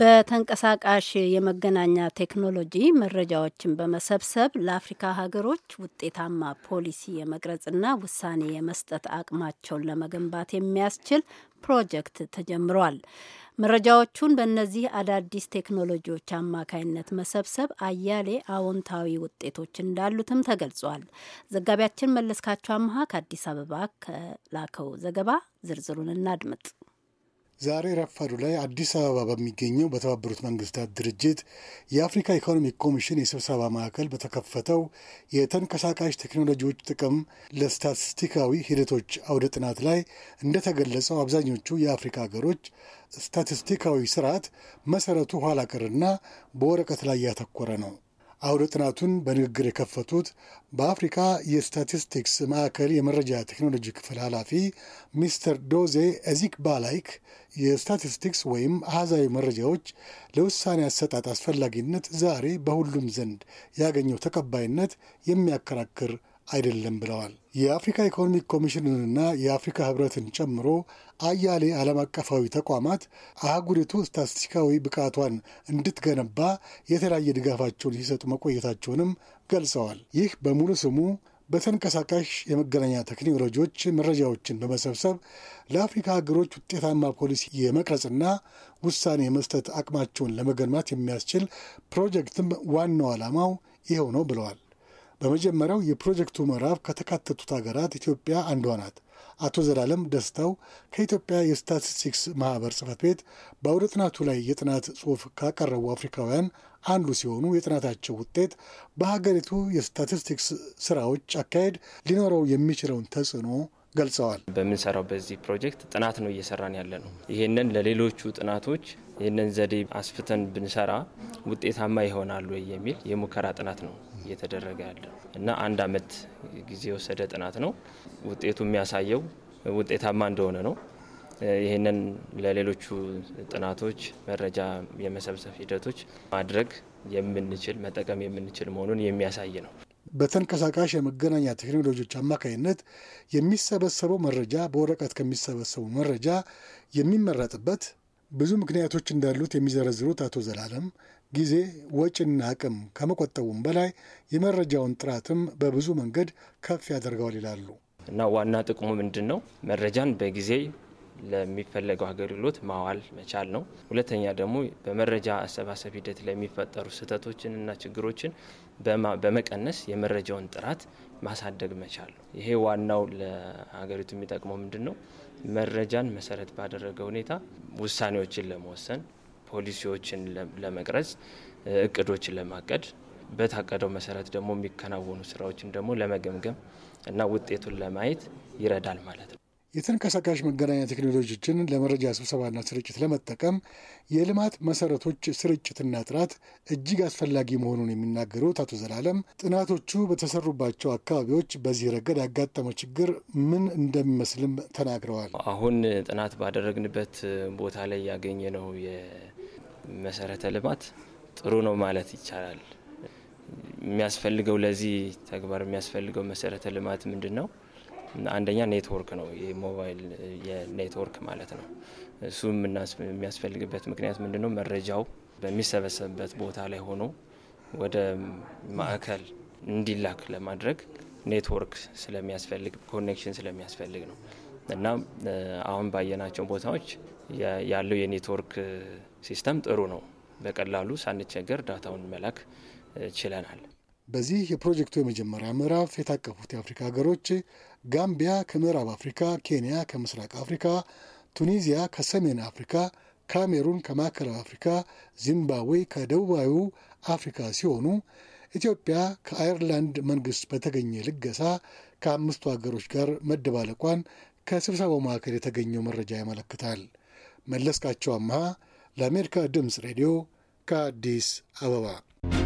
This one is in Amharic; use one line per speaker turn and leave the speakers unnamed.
በተንቀሳቃሽ የመገናኛ ቴክኖሎጂ መረጃዎችን በመሰብሰብ ለአፍሪካ ሀገሮች ውጤታማ ፖሊሲ የመቅረጽና ውሳኔ የመስጠት አቅማቸውን ለመገንባት የሚያስችል ፕሮጀክት ተጀምሯል። መረጃዎቹን በእነዚህ አዳዲስ ቴክኖሎጂዎች አማካይነት መሰብሰብ አያሌ አዎንታዊ ውጤቶች እንዳሉትም ተገልጿል። ዘጋቢያችን መለስካቸው አምሃ ከአዲስ አበባ ከላከው ዘገባ ዝርዝሩን እናድምጥ።
ዛሬ ረፋዱ ላይ አዲስ አበባ በሚገኘው በተባበሩት መንግስታት ድርጅት የአፍሪካ ኢኮኖሚክ ኮሚሽን የስብሰባ ማዕከል በተከፈተው የተንቀሳቃሽ ቴክኖሎጂዎች ጥቅም ለስታቲስቲካዊ ሂደቶች አውደ ጥናት ላይ እንደተገለጸው አብዛኞቹ የአፍሪካ ሀገሮች ስታቲስቲካዊ ስርዓት መሰረቱ ኋላ ቀርና በወረቀት ላይ ያተኮረ ነው። አውደ ጥናቱን በንግግር የከፈቱት በአፍሪካ የስታቲስቲክስ ማዕከል የመረጃ ቴክኖሎጂ ክፍል ኃላፊ ሚስተር ዶዜ እዚክ ባላይክ የስታቲስቲክስ ወይም አሃዛዊ መረጃዎች ለውሳኔ አሰጣጥ አስፈላጊነት ዛሬ በሁሉም ዘንድ ያገኘው ተቀባይነት የሚያከራክር አይደለም ብለዋል። የአፍሪካ ኢኮኖሚክ ኮሚሽንንና የአፍሪካ ህብረትን ጨምሮ አያሌ ዓለም አቀፋዊ ተቋማት አህጉሪቱ ስታስቲካዊ ብቃቷን እንድትገነባ የተለያየ ድጋፋቸውን ሲሰጡ መቆየታቸውንም ገልጸዋል። ይህ በሙሉ ስሙ በተንቀሳቃሽ የመገናኛ ቴክኖሎጂዎች መረጃዎችን በመሰብሰብ ለአፍሪካ ሀገሮች ውጤታማ ፖሊሲ የመቅረጽና ውሳኔ የመስጠት አቅማቸውን ለመገንባት የሚያስችል ፕሮጀክትም ዋናው ዓላማው ይኸው ነው ብለዋል። በመጀመሪያው የፕሮጀክቱ ምዕራፍ ከተካተቱት ሀገራት ኢትዮጵያ አንዷ ናት። አቶ ዘላለም ደስታው ከኢትዮጵያ የስታቲስቲክስ ማህበር ጽህፈት ቤት በአውደ ጥናቱ ላይ የጥናት ጽሑፍ ካቀረቡ አፍሪካውያን አንዱ ሲሆኑ የጥናታቸው ውጤት በሀገሪቱ የስታቲስቲክስ ስራዎች አካሄድ ሊኖረው የሚችለውን ተጽዕኖ ገልጸዋል።
በምንሰራው በዚህ ፕሮጀክት ጥናት ነው እየሰራን ያለ ነው። ይህንን ለሌሎቹ ጥናቶች ይህንን ዘዴ አስፍተን ብንሰራ ውጤታማ ይሆናሉ የሚል የሙከራ ጥናት ነው እየተደረገ ያለ እና አንድ አመት ጊዜ የወሰደ ጥናት ነው። ውጤቱ የሚያሳየው ውጤታማ እንደሆነ ነው። ይህንን ለሌሎቹ ጥናቶች መረጃ የመሰብሰብ ሂደቶች ማድረግ የምንችል መጠቀም የምንችል መሆኑን የሚያሳይ ነው።
በተንቀሳቃሽ የመገናኛ ቴክኖሎጂዎች አማካኝነት የሚሰበሰበው መረጃ በወረቀት ከሚሰበሰቡ መረጃ የሚመረጥበት ብዙ ምክንያቶች እንዳሉት የሚዘረዝሩት አቶ ዘላለም ጊዜ፣ ወጪና አቅም ከመቆጠቡም በላይ የመረጃውን ጥራትም በብዙ መንገድ ከፍ ያደርገዋል ይላሉ።
እና ዋና ጥቅሙ ምንድን ነው? መረጃን በጊዜ ለሚፈለገው አገልግሎት ማዋል መቻል ነው። ሁለተኛ ደግሞ በመረጃ አሰባሰብ ሂደት ለሚፈጠሩ እና ችግሮችን በመቀነስ የመረጃውን ጥራት ማሳደግ መቻል ነው። ይሄ ዋናው ለሀገሪቱ የሚጠቅመው ምንድን ነው? መረጃን መሰረት ባደረገ ሁኔታ ውሳኔዎችን ለመወሰን ፖሊሲዎችን ለመቅረጽ፣ እቅዶችን ለማቀድ በታቀደው መሰረት ደግሞ የሚከናወኑ ስራዎችን ደግሞ ለመገምገም እና ውጤቱን ለማየት ይረዳል ማለት ነው።
የተንቀሳቃሽ መገናኛ ቴክኖሎጂዎችን ለመረጃ ስብሰባና ስርጭት ለመጠቀም የልማት መሰረቶች ስርጭትና ጥራት እጅግ አስፈላጊ መሆኑን የሚናገሩት አቶ ዘላለም ጥናቶቹ በተሰሩባቸው አካባቢዎች በዚህ ረገድ ያጋጠመው ችግር ምን እንደሚመስልም ተናግረዋል።
አሁን ጥናት ባደረግንበት ቦታ ላይ ያገኘነው የመሰረተ ልማት ጥሩ ነው ማለት ይቻላል። የሚያስፈልገው ለዚህ ተግባር የሚያስፈልገው መሰረተ ልማት ምንድን ነው? አንደኛ ኔትወርክ ነው፣ የሞባይል የኔትወርክ ማለት ነው። እሱ የሚያስፈልግበት ምክንያት ምንድነው? መረጃው በሚሰበሰብበት ቦታ ላይ ሆኖ ወደ ማዕከል እንዲላክ ለማድረግ ኔትወርክ ስለሚያስፈልግ ኮኔክሽን ስለሚያስፈልግ ነው እና አሁን ባየናቸው ቦታዎች ያለው የኔትወርክ ሲስተም ጥሩ ነው። በቀላሉ ሳንቸገር ዳታውን መላክ ችለናል።
በዚህ የፕሮጀክቱ የመጀመሪያ ምዕራፍ የታቀፉት የአፍሪካ ሀገሮች ጋምቢያ ከምዕራብ አፍሪካ፣ ኬንያ ከምስራቅ አፍሪካ፣ ቱኒዚያ ከሰሜን አፍሪካ፣ ካሜሩን ከማዕከላዊ አፍሪካ፣ ዚምባብዌ ከደቡባዊ አፍሪካ ሲሆኑ ኢትዮጵያ ከአየርላንድ መንግስት በተገኘ ልገሳ ከአምስቱ ሀገሮች ጋር መደባለቋን ከስብሰባው መካከል የተገኘው መረጃ ያመለክታል። መለስካቸው አምሃ ለአሜሪካ ድምፅ ሬዲዮ ከአዲስ አበባ